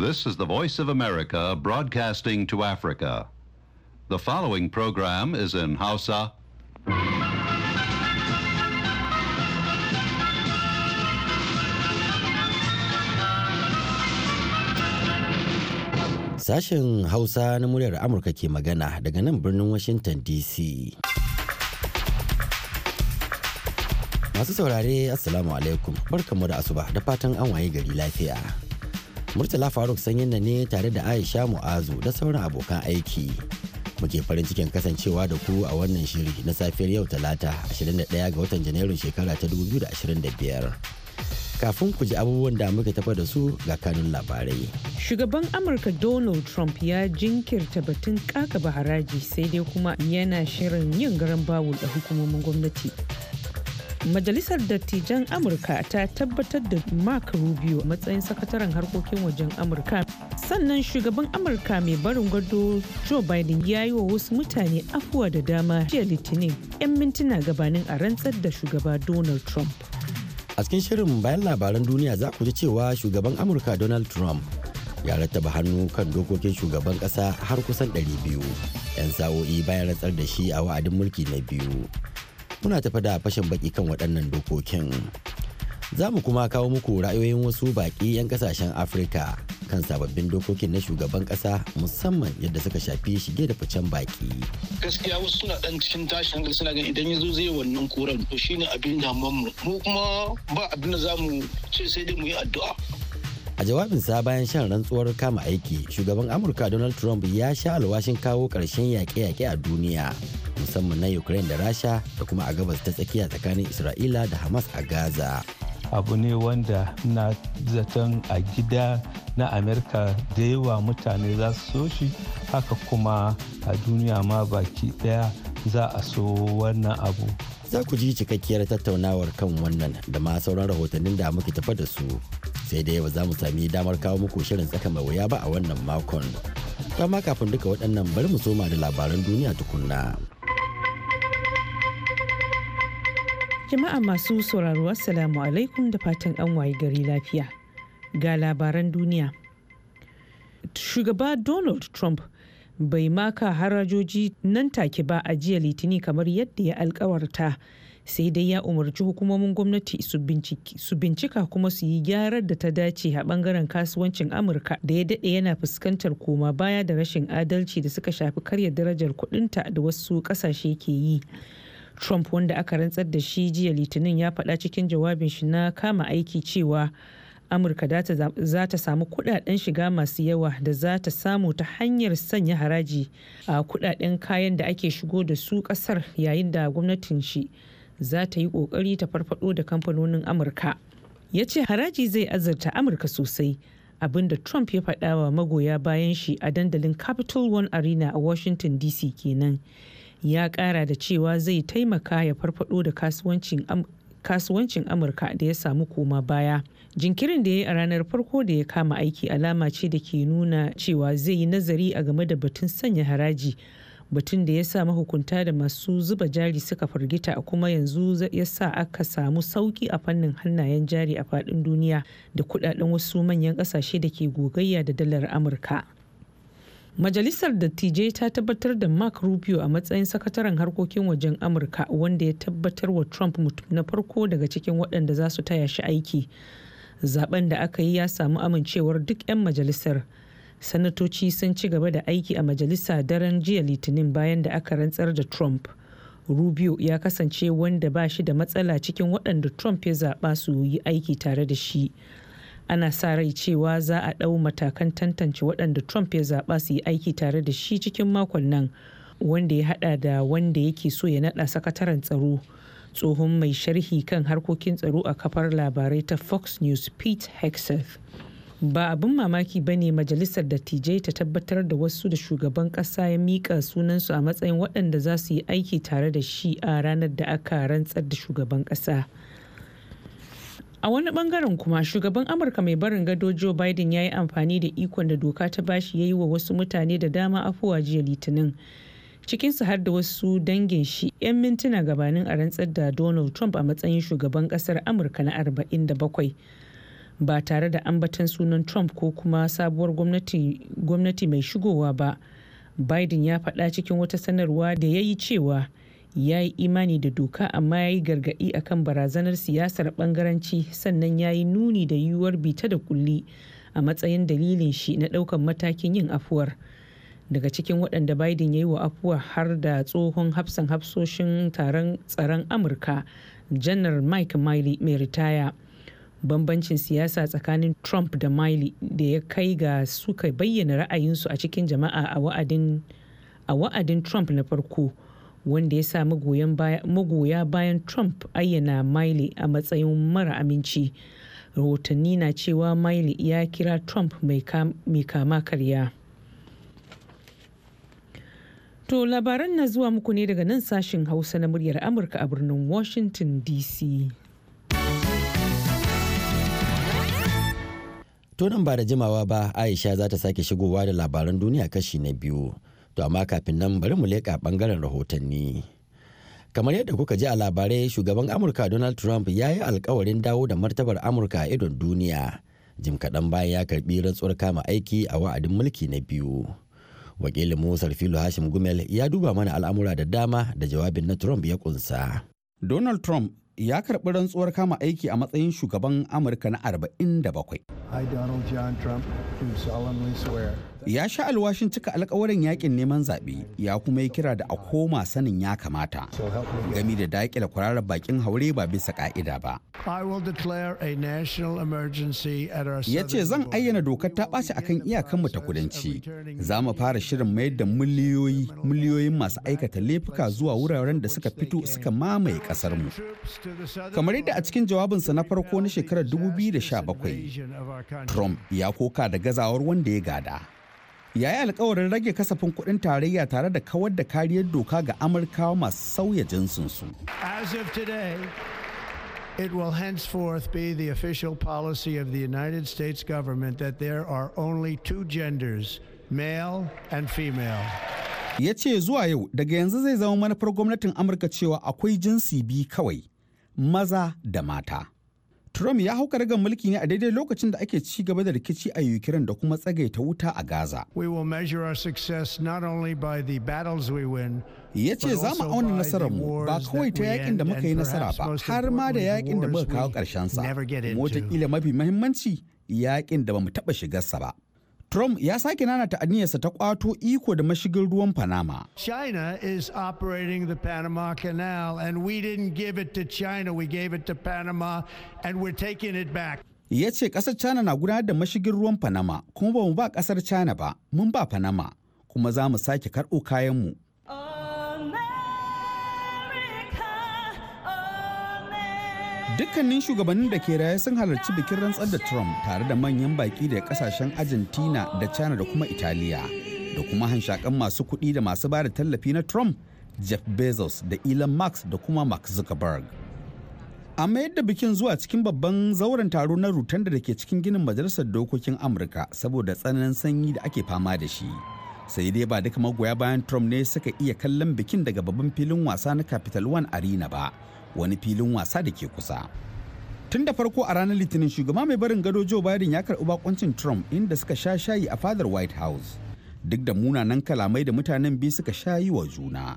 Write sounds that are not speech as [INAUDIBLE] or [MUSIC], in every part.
This is the Voice of America broadcasting to Africa. The following program is in Hausa. Sashen Hausa na muryar Amurka ke magana daga nan birnin Washington DC. Masu saurare, Assalamu alaikum, barkanmu da asuba da fatan an waye gari lafiya. Murtala Faruk sanyin na ne tare da Aisha Mu'azu da sauran abokan aiki. Muke farin cikin kasancewa da ku a wannan shiri na safiyar yau talata 21 ga watan Janairun shekara ta 2025. Kafin ku ji abubuwan da muka tafa da su ga kanun labarai. Shugaban Amurka Donald Trump ya jinkirta batun kakaba haraji sai dai kuma yana shirin yin garan bawul da hukumomin gwamnati. Majalisar Dattijan Amurka ta tabbatar da Mark Rubio matsayin sakataren harkokin wajen Amurka. Sannan shugaban Amurka mai barin gado Joe Biden ya yi wa wasu mutane afuwa da dama jiya Litinin 'yan mintuna gabanin a rantsar da shugaba Donald Trump. A cikin shirin bayan labaran duniya za ku ji cewa shugaban Amurka Donald Trump ya rattaba hannu kan dokokin shugaban ƙasa har kusan 200 'yan sa'o'i bayan rantsar da shi a wa'adin mulki na biyu. muna tafi da fashin baki kan waɗannan dokokin za mu kuma kawo muku ra'ayoyin wasu baƙi 'yan kasashen afirka kan sababbin dokokin na shugaban ƙasa musamman yadda suka shafi shige da ficen baƙi. gaskiya wasu suna ɗan cikin tashin hankali suna ganin idan ya zo zai wannan koran to shine abin damuwar mu mu kuma ba abin da za mu ce sai dai mu yi addu'a a jawabin sa bayan shan rantsuwar kama aiki shugaban amurka donald trump ya sha alwashin kawo ƙarshen yaƙe-yaƙe a duniya musamman na ukraine da rasha da kuma a gabas ta tsakiya tsakanin isra'ila da hamas a gaza abu ne wanda na zaton a gida na amerika da yawa mutane za su so shi haka kuma a duniya ma baki daya za a so wannan abu za ku ji cikakkiyar tattaunawar kan wannan da ma sauran rahotannin da muke tafa da su sai da yawa za mu sami damar kawo muku shirin tsaka mai wuya ba a wannan makon kama kafin duka waɗannan bari mu soma da labaran duniya tukunna Jama'a masu sauraro Assalamu alaikum da fatan an waye gari lafiya. Ga labaran duniya. Shugaba Donald Trump bai maka harajoji nan take ba a jiya litini kamar yadda ya alkawarta sai dai ya umarci hukumomin gwamnati su bincika kuma su yi gyarar da ta dace a bangaren kasuwancin amurka da ya daɗe yana fuskantar koma baya da rashin adalci da suka shafi karya darajar kudinta da wasu ƙasashe ke yi. Trump wanda aka rantsar da shi jiya Litinin ya faɗa cikin jawabin shi na kama aiki cewa Amurka za ta samu kudaden shiga masu yawa da za ta samu ta hanyar sanya haraji a kudaden kayan da ake shigo da su kasar yayin da gwamnatin shi za ta yi kokari ta farfado da kamfanonin Amurka. Ya ce haraji zai azurta Amurka sosai abinda Trump ya faɗa wa magoya bayan shi a dandalin Capital One Arena a Washington DC kenan. ya kara da cewa zai taimaka ya farfado da kasuwancin amurka da ya samu koma baya jinkirin da ya yi a ranar farko da ya kama aiki alama ce da ke nuna cewa zai yi nazari a game da batun sanya haraji batun da ya sa mahukunta da masu zuba jari suka firgita kuma yanzu ya sa aka samu sauki a fannin hannayen jari a faɗin duniya da kudaden wasu manyan ƙasashe da ke gogayya da dalar amurka Majalisar dattijai ta tabbatar da Mark Rubio a matsayin sakataren harkokin wajen Amurka wanda ya tabbatar wa Trump mutum na farko daga cikin waɗanda za su taya shi aiki. Zaben da aka yi ya samu amincewar duk 'yan majalisar. Sanatoci sun ci gaba da aiki a majalisa daren jiya Litinin bayan da aka rantsar da Trump. Rubio ya kasance wanda ba shi da matsala cikin waɗanda Trump ya zaɓa su yi aiki tare da shi. ana sa rai cewa za a ɗau matakan tantance waɗanda trump ya zaɓa su yi aiki tare da shi cikin makon nan wanda ya haɗa da wanda yake so ya naɗa sakataren tsaro tsohon mai sharhi kan harkokin tsaro a kafar labarai ta fox news pete hexeth ba abin mamaki ba ne majalisar dattijai ta tabbatar da wasu da shugaban kasa ya miƙa sunansu a matsayin waɗanda za su yi aiki tare da shi a ranar da aka rantsar da shugaban ƙasa a wani bangaren kuma shugaban amurka mai barin gado joe biden ya yi amfani da ikon da doka ta bashi ya yi wa wasu mutane da dama afuwa jiya litinin cikinsu har da wasu dangin shi 'yan mintuna gabanin a rantsar da donald trump a matsayin shugaban kasar amurka na 47 ba tare da ambatan sunan trump ko kuma sabuwar gwamnati mai shigowa ba biden ya faɗa cikin wata sanarwa da ya yi cewa ya yi imani da doka amma ya yi gargaɗi akan barazanar siyasar bangaranci sannan ya yi nuni da yiwuwar bita da kulli a matsayin dalilin shi na ɗaukar matakin yin afuwar daga cikin waɗanda biden ya yi wa afuwa har da tsohon hafsan hafsoshin taron tsaron amurka janar mike miley mai ritaya bambancin siyasa tsakanin trump da miley da ya kai ga suka bayyana ra'ayinsu a cikin jama'a a wa'adin trump na farko wanda ya sa magoya bayan trump ayyana miley a matsayin mara aminci rahotanni na cewa miley ya kira trump mai kama karya to labaran na zuwa muku ne daga nan sashen hausa na muryar amurka a birnin washington dc tunan ba da jimawa ba aisha za ta sake shigowa da labaran duniya kashi na biyu To amma kafin nan bari mu leƙa ɓangaren rahotanni. Kamar yadda kuka ji a labarai shugaban Amurka Donald Trump ya yi alkawarin dawo da martabar Amurka a idon duniya. Jim kaɗan bayan ya karɓi rantsuwar kama aiki a wa'adin mulki na biyu. Wakilin Musar Filo Hashim Gumel ya duba mana al'amura da dama da jawabin na Trump ya kunsa. Donald Trump ya karɓi rantsuwar kama aiki a matsayin shugaban Amurka na 47. ya sha alwashin cika alkawarin yakin neman zaɓe ya kuma yi kira da a koma sanin ya kamata gami da daƙila kwararar bakin haure ba bisa ƙa'ida ba ya ce zan ayyana dokar ta ɓace akan iyakanmu ta kudanci za mu fara shirin mayar da miliyoyi miliyoyin masu aikata laifuka zuwa wuraren da suka fito suka mamaye ƙasarmu kamar yadda a cikin jawabinsa na farko na shekarar 2017 trump ya koka da gazawar wanda ya gada ya yi alkawarin rage kasafin kudin tarayya tare da kawar da kariyar doka ga amurkawa masu sauya jinsinsu It will henceforth be the official policy of the United States government that there are only two genders, male and female. Ya ce zuwa yau daga yanzu zai zama manufar gwamnatin Amurka cewa akwai jinsi biyu kawai, maza da mata. Trump ya hau karagar mulki ne a daidai lokacin da ake ci gaba da rikici a Ukraine da kuma tsagaita wuta a Gaza. success only the Ya ce za mu auna nasararmu ba kawai ta yakin da muka yi nasara ba har ma da yakin da muka kawo ƙarshensa. Wataƙila mafi mahimmanci yakin da ba mu taɓa shigarsa ba. Trump ya sake ta aniyarsa ta kwato iko da mashigin ruwan Panama. China is operating the Panama Canal and we didn't give it to China, we gave it to Panama and we're taking it back. Ya ce ƙasar China na gudanar da mashigin ruwan Panama kuma ba mu ba ƙasar China ba, mun ba Panama kuma za mu sake karɓo kayanmu dukkanin shugabannin da ke raye sun halarci bikin rantsar da trump tare da manyan baki da kasashen argentina da china da kuma italiya da kuma hanshakan masu kuɗi da masu ba da tallafi na trump jeff bezos da elon musk da kuma mark zuckerberg a mayar da bikin zuwa cikin babban zauren taro na rutan da ke cikin ginin majalisar dokokin amurka saboda tsananin sanyi da ake fama da shi sai dai ba duka magoya bayan trump ne suka iya kallon bikin daga babban filin wasa na capital one arena ba wani filin wasa da ke kusa tun da farko a ranar litinin shugaba mai barin gado joe biden ya karɓi bakuncin trump inda suka sha shayi a fadar white house duk da munanan kalamai da mutanen biyu suka sha yi wa juna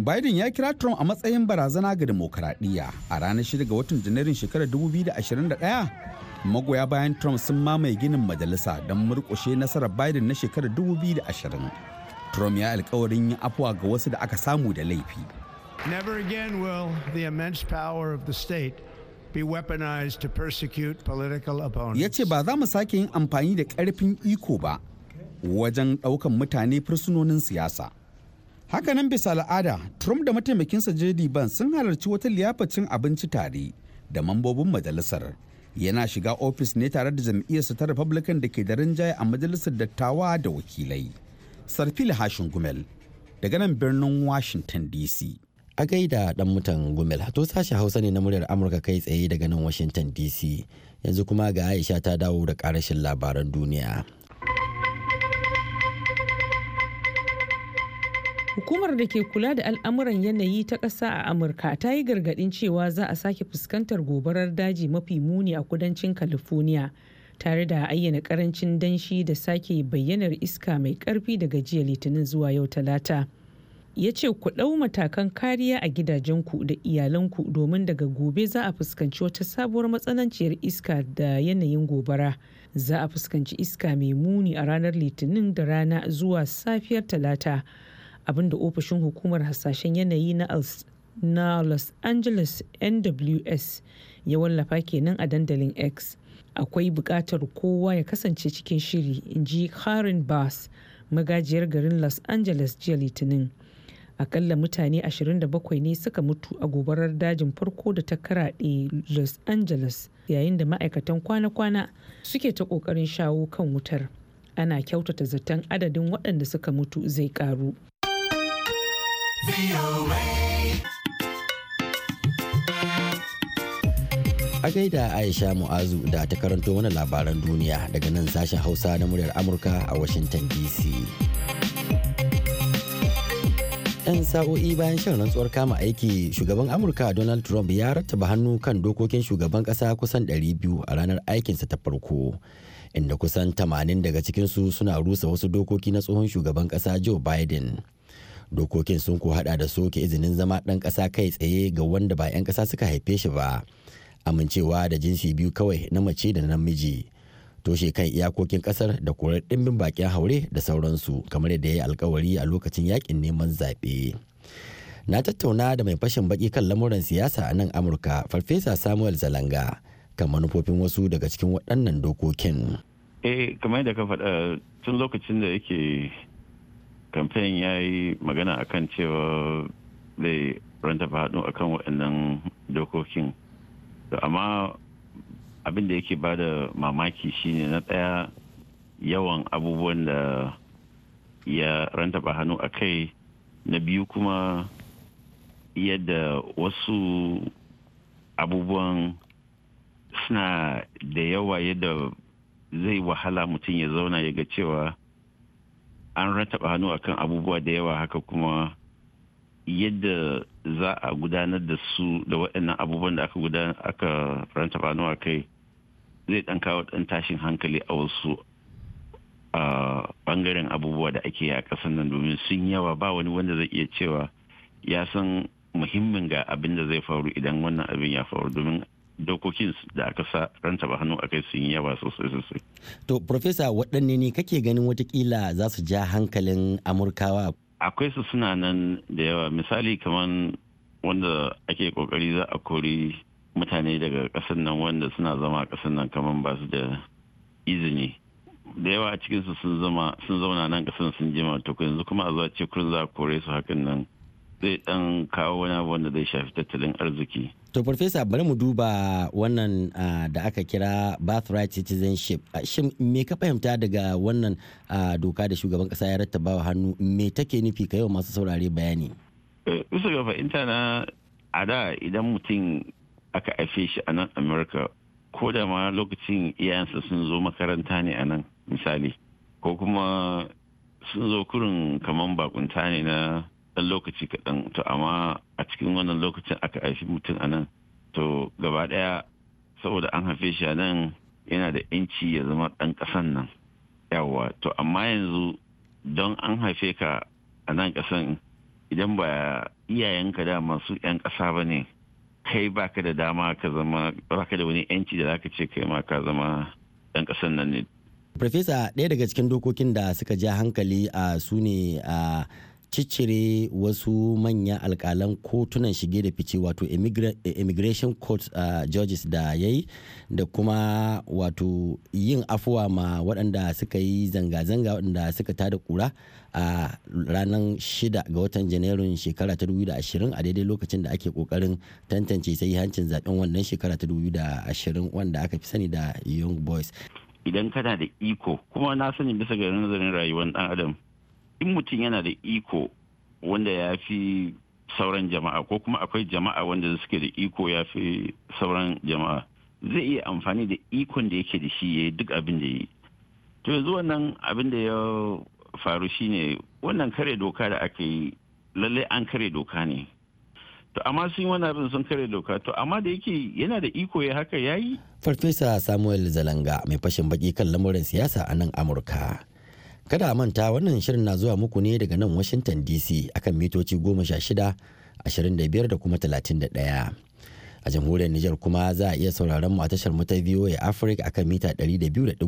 Biden ya kira Trump a matsayin barazana ga demokaradiyya a ranar 6 ga watan Janairun shekarar 2021 magoya bayan Trump sun mamaye ginin majalisa don murƙushe nasarar Biden na shekarar 2020. Trump ya alkawarin yin afuwa ga wasu da aka samu da laifi. Never again will the immense power of the state be weaponized to persecute political opponents. Ya ce ba za mu sake yin amfani da karfin iko ba wajen ɗaukan mutane fursunonin siyasa. Hakanan bisa al'ada, Trump da mataimakinsa JD Ban sun halarci wata liyafa cin abinci tare da mambobin majalisar. Yana shiga ofis ne tare da jam'iyyarsa ta Republican da ke da rinjaye a majalisar dattawa da wakilai. Sarfil Hashin Gumel, daga nan birnin Washington DC. a gaida dan mutan gumel to sashi hausa ne na muryar amurka kai tsaye daga nan washington dc yanzu kuma ga aisha ta dawo da karashin labaran duniya Hukumar da ke kula da al'amuran yanayi ta ƙasa a Amurka ta yi gargaɗin cewa za a sake fuskantar gobarar daji mafi muni a kudancin California tare da ayyana ƙarancin danshi da sake bayyanar iska mai ƙarfi daga jiya litinin zuwa yau talata. ya ce ku ɗau matakan kariya a gidajenku da iyalanku domin daga gobe za a fuskanci wata sabuwar matsananciyar iska da yanayin gobara za a fuskanci iska mai muni a ranar litinin da rana zuwa safiyar talata abinda ofishin hukumar hasashen yanayi na los angeles nws ya wallafa kenan a dandalin x akwai buƙatar kowa ya kasance cikin shiri in ji karin bass magajiyar garin los angeles jiya litinin akalla mutane 27 ne suka mutu a gobarar dajin farko da ta karaɗe los angeles yayin da ma'aikatan kwana-kwana suke ta ƙoƙarin shawo kan wutar ana kyautata zaton adadin waɗanda suka mutu zai ƙaru a gaida aisha mu'azu da ta karanto mana labaran duniya daga nan sashen hausa na muryar amurka a washington dc 'yan sa'o'i bayan shan rantsuwar kama aiki shugaban amurka donald trump ya rattaba hannu kan dokokin shugaban kasa kusan 200 a ranar aikinsa ta farko inda kusan 80 daga cikinsu suna rusa wasu dokoki na tsohon shugaban kasa joe biden dokokin sun ko hada da soke izinin zama ɗan ƙasa kai tsaye ga wanda ba 'yan kasa suka haife shi ba amincewa da jinsi biyu kawai na mace da namiji toshe kan iyakokin kasar da korar dimbin bakin haure da sauransu kamar yadda ya yi alkawari a lokacin yakin neman zaɓe. Na tattauna da mai fashin baki kan lamuran siyasa a nan Amurka, Farfesa Samuel Zalanga, kan manufofin wasu daga cikin waɗannan dokokin. Eh, kamar yadda ka faɗa tun lokacin da yake kamfen ya yi magana akan cewa zai ranta faɗo kan waɗannan dokokin. Amma abin da yake ba da mamaki shine na ɗaya yawan abubuwan da ya rantaba hannu a kai na biyu kuma yadda wasu abubuwan suna da yawa yadda zai wahala mutum ya zauna ya ga cewa an rataba hannu akan abubuwa da yawa haka kuma yadda za a gudanar da su da waɗannan abubuwan da aka ranta aka hannu a kai zai dan kawo dan tashin hankali a wasu bangaren abubuwa da ake yi a ƙasar nan domin sun yawa ba wani wanda zai iya cewa ya san muhimmin ga abin da zai faru idan wannan abin ya faru domin dokokin da aka sa ranta ba hannu akai sun yawa sosai sosai. To, Profesa, waɗanne ne kake ganin watakila za su ja hankalin Amurkawa? Akwai su suna nan da yawa misali kamar wanda ake kokari za a kori mutane daga ƙasar nan wanda suna zama a ƙasar nan kamar ba su da izini da yawa a cikinsu sun zama sun zauna nan ƙasar sun ma to yanzu kuma a zuwa ce kurin za a kore su hakan nan zai dan kawo wani abu wanda zai shafi tattalin arziki. To Farfesa bari mu duba wannan da aka kira birthright citizenship. Shin me ka fahimta daga wannan doka da shugaban kasa ya rattaba wa hannu me take nufi ka yau masu saurare bayani? Eh, bisa ga fahimta na a da idan mutum aka haife shi a nan amurka ko da ma lokacin iyayensa sun zo makaranta ne a nan misali ko kuma sun zo kurin kamar bakunta ne na ɗan lokaci kaɗan to amma a cikin wannan lokacin aka haifi mutum a nan to gaba ɗaya saboda an haife shi a nan yana da yanci ya zama ɗan ƙasan nan yawa to amma yanzu don an haife ka a nan ƙasan idan ba iyayenka da masu 'yan ƙasa ba ne kai baka da dama ka zama baka da wani yanci da zaka ce kai ma ka zama dan kasan nan ne Profesa ɗaya daga cikin dokokin da suka ja hankali a su ne a ciccire wasu manyan alkalan kotunan shige da fice wato eh, immigration court uh, judges da ya yi da kuma wato yin afuwa ma waɗanda suka yi zanga-zanga waɗanda suka tada kura a ah, ranar 6 ga watan janairun shekara ta 2020 a daidai lokacin da ake kokarin tantance sai hancin zaben wannan shekara ta 2020 wanda aka fi sani da young boys idan kana da iko kuma na sani bisa ga nazarin rayuwar dan adam in mutum yana da iko wanda ya fi sauran jama'a ko kuma akwai jama'a wanda suke da iko ya fi sauran jama'a zai iya amfani da ikon da yake da shi ya yi duk abin da yi to yanzu wannan abin da ya faru shi ne wannan kare doka da aka yi lallai an kare doka ne to amma sun wani abin sun kare doka to amma da yake yana da iko ya haka ya yi farfesa samuel zalanga mai fashin baki kan lamurin siyasa a nan amurka Kada a manta wannan shirin na zuwa muku ne daga nan Washington DC akan mitoci 16, 25 da kuma 31. A jamhuriyar Nijar kuma za a iya sauraron mu a tashar mu ta VOA Africa akan mita 200.5.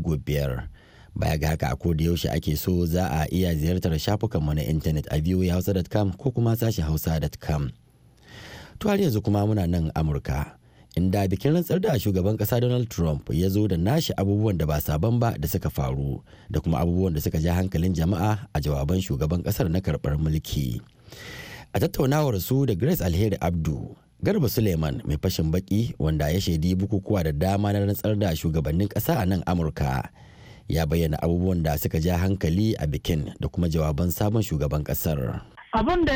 Baya ga haka a da yaushe ake so za a iya ziyartar shafukanmu na intanet a voahausa.com ko kuma sashen hausa.com. To har yanzu kuma muna nan Amurka. inda bikin rantsar da shugaban kasa donald trump ya zo da nashi abubuwan da ba sabon ba da suka faru da kuma abubuwan da suka ja hankalin jama'a a jawaban shugaban kasar na karbar mulki a tattaunawar su da grace alheri abdu garba suleiman mai fashin baki wanda ya shaidi bukukuwa da dama na rantsar da shugabannin kasa a nan amurka ya bayyana abubuwan da suka ja hankali a bikin da kuma jawaban sabon shugaban kasar abin da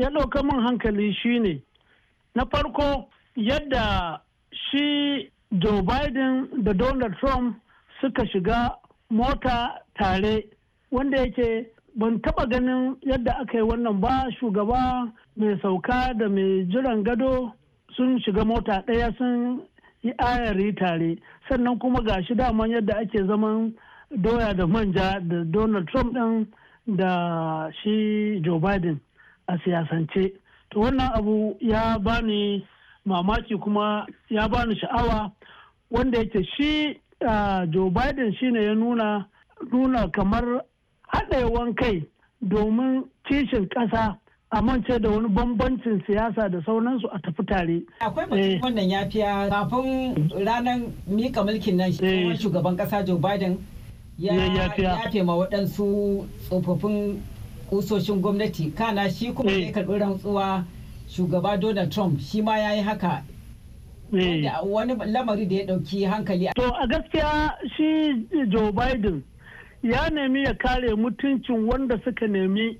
ya ɗauka min hankali shine na farko yadda shi Joe Biden da Donald Trump suka shiga mota tare wanda yake ban taba ganin yadda aka yi wannan ba shugaba mai sauka da mai jiran gado sun shiga mota ɗaya sun yi ayari tare sannan kuma ga shi daman yadda ake zaman doya da manja da donald trump ɗin da shi joe biden a siyasance to wannan abu ya bani mamaki kuma ya bani sha'awa wanda yake shi Joe Biden shine ya nuna nuna kamar haɗewan kai domin kishin ƙasa a mance da wani bambancin siyasa da sauransu a tafi tare. Akwai mutum eh. wannan ya fiya kafin ranar mika mulkin nan eh. shugaban kasa Joe Biden ya yafe ma waɗansu tsofaffin kusoshin gwamnati kana shi kuma eh. ya karɓi rantsuwa shugaba donald trump shi ma ya yi haka eh. wani lamari da ya ɗauki hankali to a gaskiya shi joe biden ya nemi ya kare mutuncin wanda suka nemi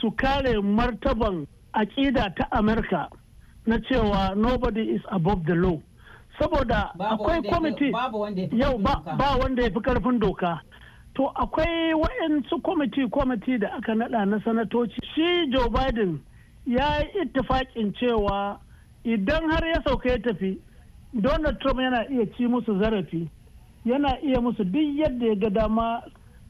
su kare martaban aƙida ta amurka na cewa nobody is above the law saboda akwai kwamiti yau ba wanda ya fi karfin doka to akwai waɗansu kwamiti kwamiti da aka nada na sanatoci shi joe biden ya yi ittifakin cewa idan har ya sauka ya tafi donald trump yana iya ci musu zarafi yana iya musu duk yadda ya ga dama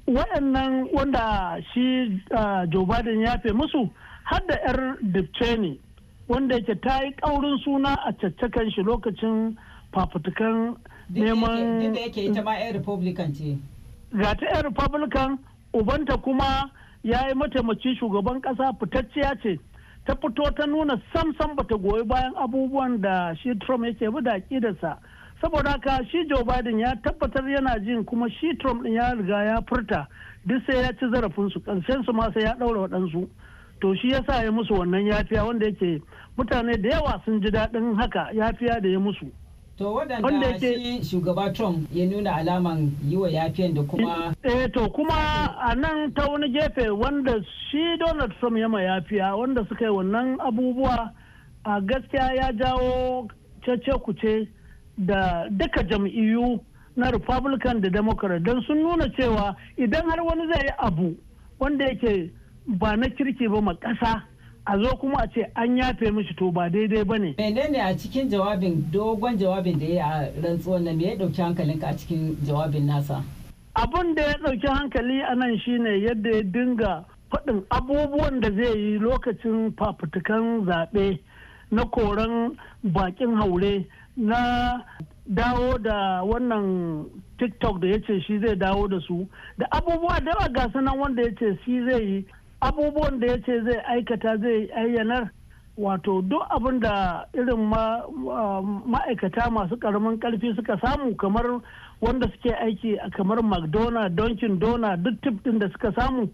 waɗannan wanda shi ah, joe biden ya fe musu har da 'yar cheney wanda yake ta yi ƙaurin suna a caccakan shi lokacin fafutukan neman duk da yake ita ma republican ce ga ta republican ubanta kuma ya yi mataimakin shugaban ƙasa fitacciya ce ta fito ta nuna sam sam bata goyi bayan abubuwan da shi trump yake bi da aƙidarsa saboda haka shi joe biden ya tabbatar yana jin kuma shi trump din ya riga ya furta duk sai ya ci zarafinsu ƙarshen su ma sai ya ɗaura waɗansu to shi yasa ya musu wannan yafiya wanda yake mutane da yawa sun ji daɗin haka yafiya da ya musu To waɗanda shi shugaba Trump ya nuna alaman yi wa yafiyan da kuma. Eh to kuma a nan ta wani gefe wanda shi Donald Trump ya ma yafiya wanda suka yi wannan abubuwa a gaskiya ya jawo cece kuce da duka jam'iyyu na Republican da Democrat don sun nuna cewa idan har wani zai yi abu wanda yake ba na kirki ba ma ƙasa a zo kuma a ce an yafe mishi to ba daidai ba ne. menene a cikin jawabin dogon jawabin da ya yi a rantsuwan nan me ya ɗauki hankalinka a cikin jawabin nasa. abin da ya ɗauki hankali a nan shine yadda ya dinga faɗin abubuwan da zai yi lokacin fafutukan zaɓe na koren bakin haure na dawo da wannan tiktok da ya ce shi zai dawo da su da abubuwa da yawa ga nan wanda ya ce shi zai yi abubuwan da ya ce zai aikata zai ayyanar wato duk abin da irin ma'aikata masu karamin karfi suka samu kamar wanda suke aiki a kamar mcdonald donkin dona duk tip din da suka samu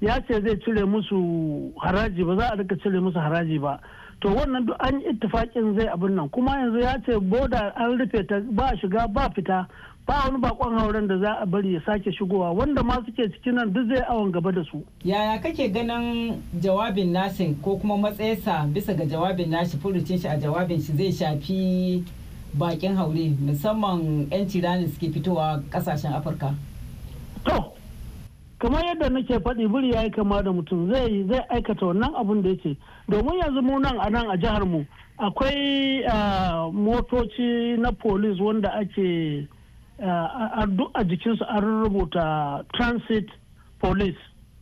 ya ce zai cire musu haraji ba za a rika cire musu haraji ba to wannan duk an yi ittifakin zai abin nan kuma yanzu ya ce boda an rufe ta ba shiga ba fita ba wani bakon hauren da za a bari ya sake shigowa wanda ma suke cikin nan duk zai awon gaba da su. Yaya kake ganin jawabin nasin ko kuma matsayinsa bisa ga jawabin nashi furucin shi a jawabin shi zai shafi bakin haure musamman 'yan tirani suke fitowa kasashen Afirka? To, kamar yadda nake faɗi biri ya yi kama da mutum zai zai aikata wannan abun da yake domin yanzu mu nan a nan a jihar mu akwai ah, motoci na polis wanda ake Uh, duk a jikinsu an rubuta transit police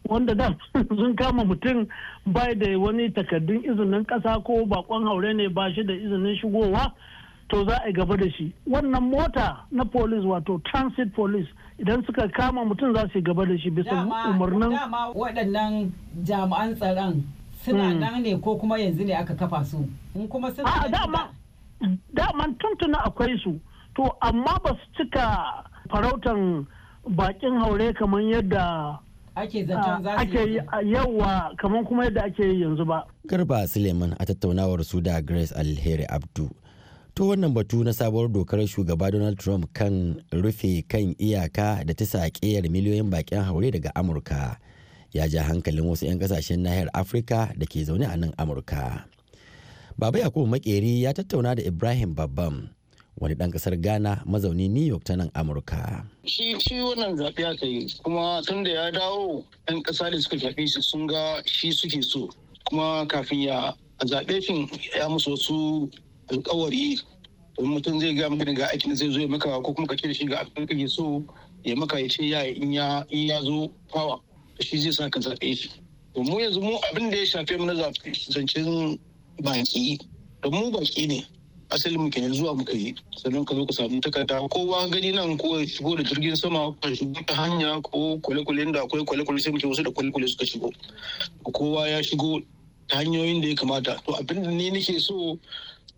wanda da [LAUGHS] sun kama mutum bai da wani takardun izinin ƙasa ko bakon haure ne ba shi da izinin shigowa to za a gaba da shi wannan mota na police wato transit police idan suka kama mutum za su yi gaba da shi bisa umarnin waɗannan jami'an tsaron suna hmm. nan ne ko kuma yanzu ne aka kafa su in kuma suna dama tuntuna akwai su to amma ba su cika farautan bakin haure kamar yadda ake ah, yi ah, kamar kuma yadda ake yi yanzu ba garba suleiman a tattaunawar su da grace alheri abdu to wannan batu na sabuwar dokar shugaba donald trump kan rufe kan iyaka da ta saƙiyar miliyoyin bakin haure daga amurka ya ja hankalin wasu 'yan kasashen nahiyar afirka da ke zaune a nan amurka baba yakubu makeri ya tattauna da ibrahim babban wani dan kasar ghana mazauni new york ta nan amurka shi shi wannan zaɓe aka yi kuma tun da ya dawo 'yan ƙasa da suka zaɓe shi sun ga shi suke so kuma kafin ya zaɓe shi ya musu wasu alƙawari mutum zai ga maka ga aikin zai zo ya maka ko kuma ka ce shi ga abin kake so ya maka ya ce ya in ya in ya zo fawa shi zai sa ka zaɓe shi to mu yanzu mu abin da ya shafe mu na zancen baki da mu baki ne asalin mu kenan zuwa muka yi sannan ka zo ka samu takarda kowa gani nan ko shigo da jirgin sama ko shigo ta hanya ko kwale-kwale da akwai kwale-kwale sai muke wasu da kwale-kwale suka shigo kowa ya shigo ta hanyoyin da ya kamata to abin da ni nake so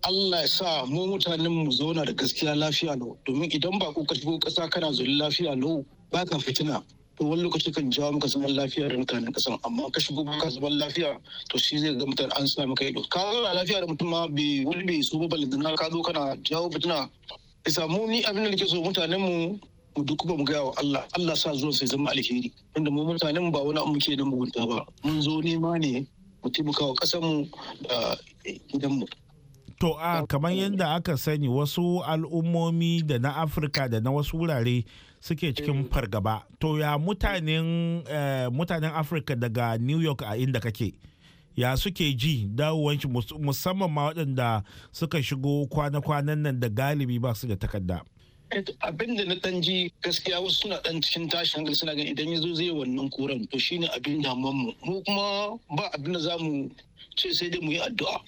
Allah ya sa mu mutanen mu zauna da gaskiya lafiya lau domin idan ba ku ka shigo kasa kana zuri lafiya lau baka fitina to wani lokaci kan jawo maka zaman lafiya da mutanen kasan amma ka shigo ka zaman lafiya to shi zai ga mutane an sa maka ido ka na lafiya da mutum ma bai wani bai so ba balantana ka zo kana jawo fitina isa mu ni abin da nake so mutanen mu mu duk ba mu gaya wa Allah Allah sa zuwan sai zama alheri inda mu mutanen mu ba wani abu muke da mugunta ba mun zo nema ne mu taimaka wa kasar mu da gidan mu To a kamar yadda aka sani wasu al'ummomi da na Afirka da na wasu wurare suke cikin mm. fargaba. To ya mutanen eh, mutanen Afirka daga New York a inda kake. Ya suke ji dawowanci musamman ma waɗanda suka shigo kwana-kwanan nan da galibi ba su da takarda. Eh, abin da na ɗan ji gaskiya wasu suna ɗan cikin tashin hankali suna ganin idan yazo zo zai wannan koren to shine abin damuwar mu mu kuma ba abin da za mu ce sai dai mu yi addu'a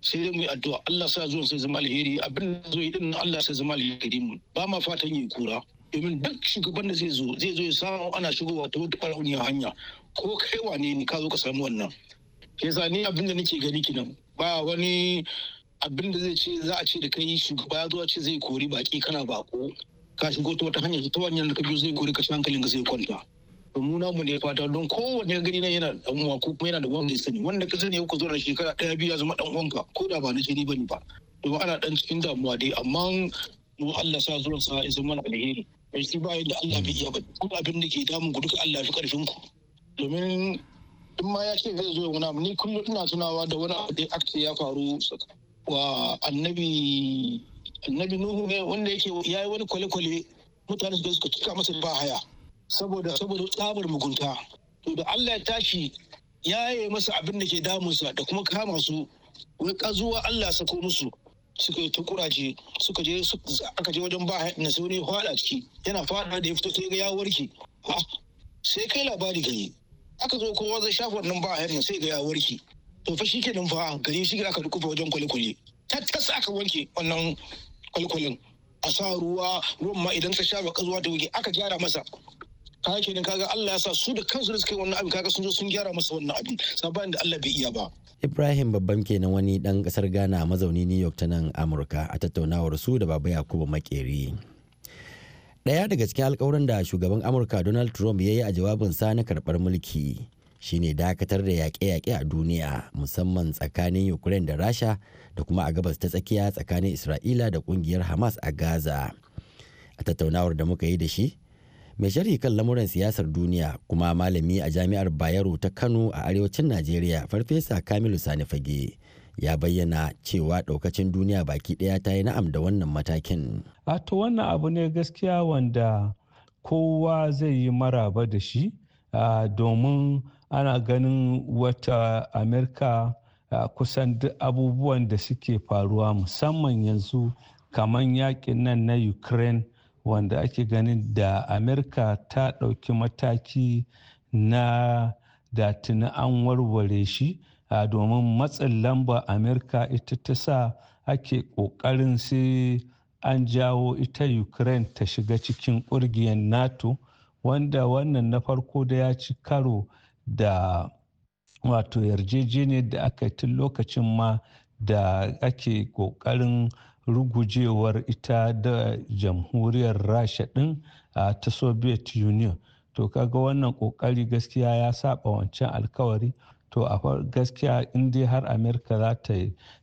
sai dai mu yi addu'a Allah sa zuwan sai zama alheri abin da zo yi din Allah sai zama alheri mu ba ma fatan yi kura domin duk shugaban da zai zo zai zo ya samu ana shigowa ta wata farauniyar hanya ko kai wane ne ka zo ka samu wannan yasa ni abin da nake gani kinan ba wani abin da zai ce za a ce da kai shugaba ya zo ce zai kori baki kana bako ka shigo ta wata hanya ta wannan da ka biyo zai kori ka shi hankalin ka zai kwanta na mu namu ne fata don kowane gari na yana dan uwa ko kuma yana da wanda ya sani wanda ka sani ku zo da shekara ɗaya biyu ya zama dan uwanka ko da ba na jini bane ba to ana dan cikin damuwa dai amma mu Allah sa zuwan sa ya zama alheri bai shi ba yadda Allah bai iya ba duk abin da ke damun ku duka Allah fi karfin ku domin in ma ya ce zai zo wani abu ni kullum ina tunawa da wani abu da akce ya faru wa annabi annabi Nuhu ne wanda yake yayi wani kwale-kwale mutane suka cika masa ba haya saboda saboda tsabar mugunta to da Allah ya tashi ya yi masa abin da ke damunsa da kuma kama su wai kazuwa Allah sako musu suka yi tukurace suka je aka je wajen ba na sai wani fada ciki yana fada da ya fito sai ga ya warke ah, sai kai labari gari aka zo kowa zai shafa wannan ba na sai ga ya warke to fa shi kenan fa gari shi aka dukufa wajen kwalikwali tattas aka wanke wannan kwalikwalin a sa ruwa ruwan ma idan ka sha ba kazuwa ta wuce aka gyara masa ka kenan kaga Allah ya sa su da kansu da suka yi wannan abin kaga sun zo sun gyara masa wannan abin sabanin da Allah bai iya ba Ibrahim babban kenan wani dan kasar Ghana mazauni New York ta nan Amurka a tattaunawar su da Baba Yakubu Makeri Daya daga cikin alkawarin da shugaban Amurka Donald Trump ya yi a jawabin sa na karɓar mulki shine dakatar da yaƙe-yaƙe a duniya musamman tsakanin Ukraine da Rasha da kuma a gabas ta tsakiya tsakanin Isra'ila da ƙungiyar Hamas a Gaza. A tattaunawar da muka yi da shi, mai sharhi kan lamuran siyasar duniya kuma malami a jami'ar bayero ta kano a arewacin najeriya farfesa kamilu sani fage ya bayyana cewa daukacin duniya baki daya ta yi na'am da wannan matakin a to wannan abu ne gaskiya wanda kowa zai yi maraba da shi domin ana ganin wata amerika kusan abubuwan da suke faruwa musamman yanzu kamar yakin nan na ukraine wanda ake ganin da amerika ta ɗauki mataki na da an warware shi domin matsin lamba amerika ita ta sa ake ƙoƙarin sai an jawo ita ukraine ta shiga cikin ƙungiyar nato wanda wannan na farko da ya ci karo da wato yarjejeniyar da aka yi tun lokacin ma da ake ƙoƙarin rugujewar ita da jamhuriyar rasha din ta soviet union to kaga wannan kokari gaskiya ya saba wancan alkawari to a gaskiya in dai har amerika za ta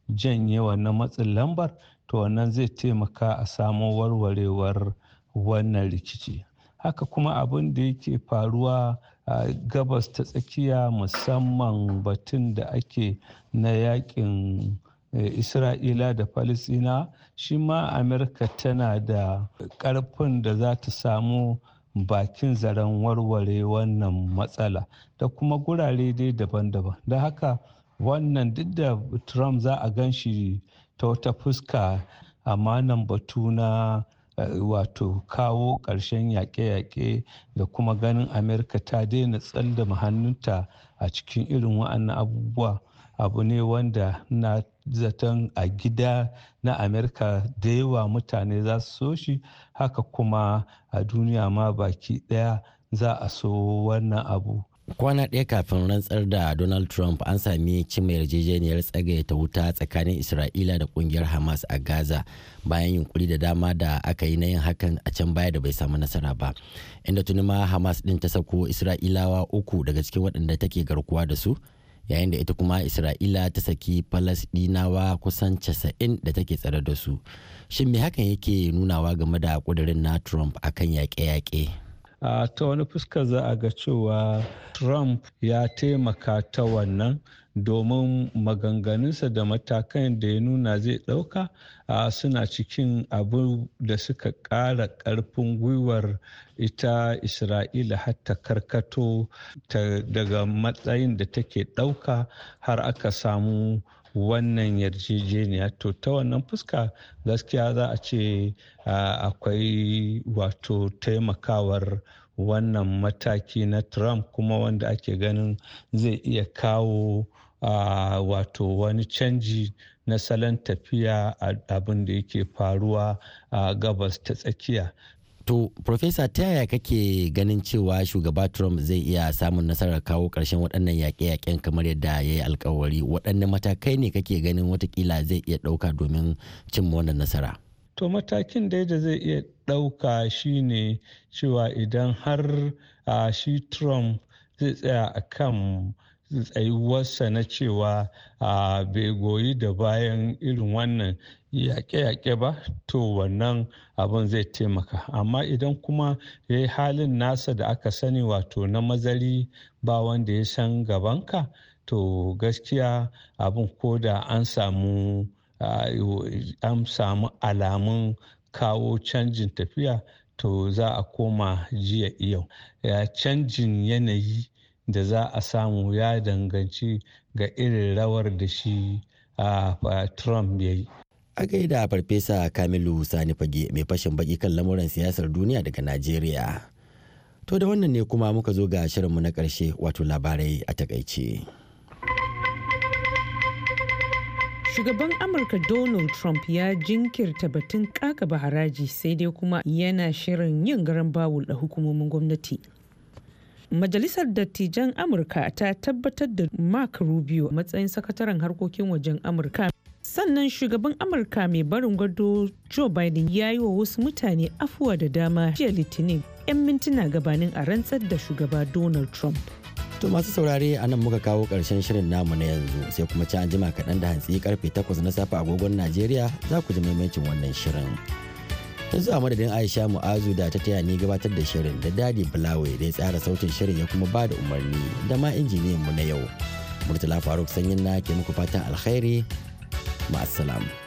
janye wannan matsin lambar to wannan zai taimaka a samo warwarewar wannan rikici haka kuma abin da yake faruwa a gabas ta tsakiya musamman batun da ake na yakin Eh, isra'ila da falisina shi ma amurka tana da ƙarfin da za ta samu bakin zaren warware wannan matsala da kuma gurare dai daban-daban da haka wannan duk da trump za a gan shi ta wata fuska amma nan batu na eh, wato kawo ƙarshen yaƙe-yaƙe da kuma ganin amurka ta daina tsallama hannunta a cikin irin wa'annan abubuwa abu ne wanda na zaton a gida na amerika da yawa mutane za su so shi haka kuma a duniya ma baki daya za a so wannan abu kwana ɗaya kafin rantsar da donald trump an sami cimma yarjejeniyar ta wuta tsakanin isra'ila da kungiyar hamas a gaza bayan yunkuri da dama da aka yi na yin hakan a can baya da bai samu nasara ba inda tuni ma hamas ɗin ta sako isra'ilawa uku daga cikin waɗanda take garkuwa da su yayin da ita kuma isra'ila ta saki falasdinawa kusan 90 da take tsare da su shin me hakan yake nunawa game da kudirin na trump akan yaƙe-yaƙe ta wani fuska za a ga cewa trump ya taimaka ta wannan domin maganganunsa da matakan da ya nuna zai ɗauka suna cikin abu da suka ƙara ƙarfin gwiwar ita isra'ila hatta karkato daga matsayin da take ɗauka har aka samu wannan yarjejeniya to ta wannan fuska gaskiya za a ce akwai wato taimakawar wannan mataki na trump kuma wanda ake ganin zai iya kawo wato wani canji na salon tafiya abin da yake faruwa a gabas ta tsakiya To, Profesa, ta yaya kake ganin cewa shugaba Trump zai iya samun nasarar kawo ƙarshen waɗannan yaƙe-yaƙen kamar yadda ya yi alkawari? Waɗanne matakai ne kake ganin watakila zai iya ɗauka domin cimma wannan nasara? To, matakin da da zai iya ɗauka shine cewa idan har uh, shi Trump zai tsaya a kan tsayuwarsa na cewa bai goyi da bayan irin wannan yaƙe-yaƙe ba to wannan abin zai taimaka amma idan kuma ya yi halin nasa da aka sani wato na mazari ba wanda ya san gabanka to gaskiya abin ko da an samu an samu alamun kawo canjin tafiya to za a koma jiya ya canjin yanayi da za a samu ya danganci ga irin rawar da shi a Trump ya yi. A gaida Farfesa Kamilu Sani Fage mai fashin baki kan lamuran siyasar duniya daga Najeriya. To da wannan ne kuma muka zo ga shirinmu na ƙarshe wato labarai a takaice. Shugaban Amurka Donald Trump ya jinkirta batun ƙakaba haraji sai dai kuma yana shirin yin garan bawul da hukumomin gwamnati. Majalisar Dattijan Amurka ta tabbatar da Mark Rubio matsayin sakataren harkokin wajen Amurka. Sannan shugaban Amurka mai barin gado Joe Biden ya yi wa wasu mutane afuwa da dama jiya Litinin 'yan mintuna gabanin a rantsar da shugaba Donald Trump. To masu saurare a nan muka kawo ƙarshen shirin namu na yanzu sai kuma ci an jima kaɗan da hantsi karfe 8 na safe agogon Najeriya za ku ji maimaicin wannan shirin. yanzu a madadin aisha mu'azu da ta taya ni gabatar da shirin da dadi bulawai da ya tsara sautin shirin ya kuma ba da umarni da ma injiniyan mu na yau murtala faruk sanyin na ke muku fatan alkhairi ma'asalam.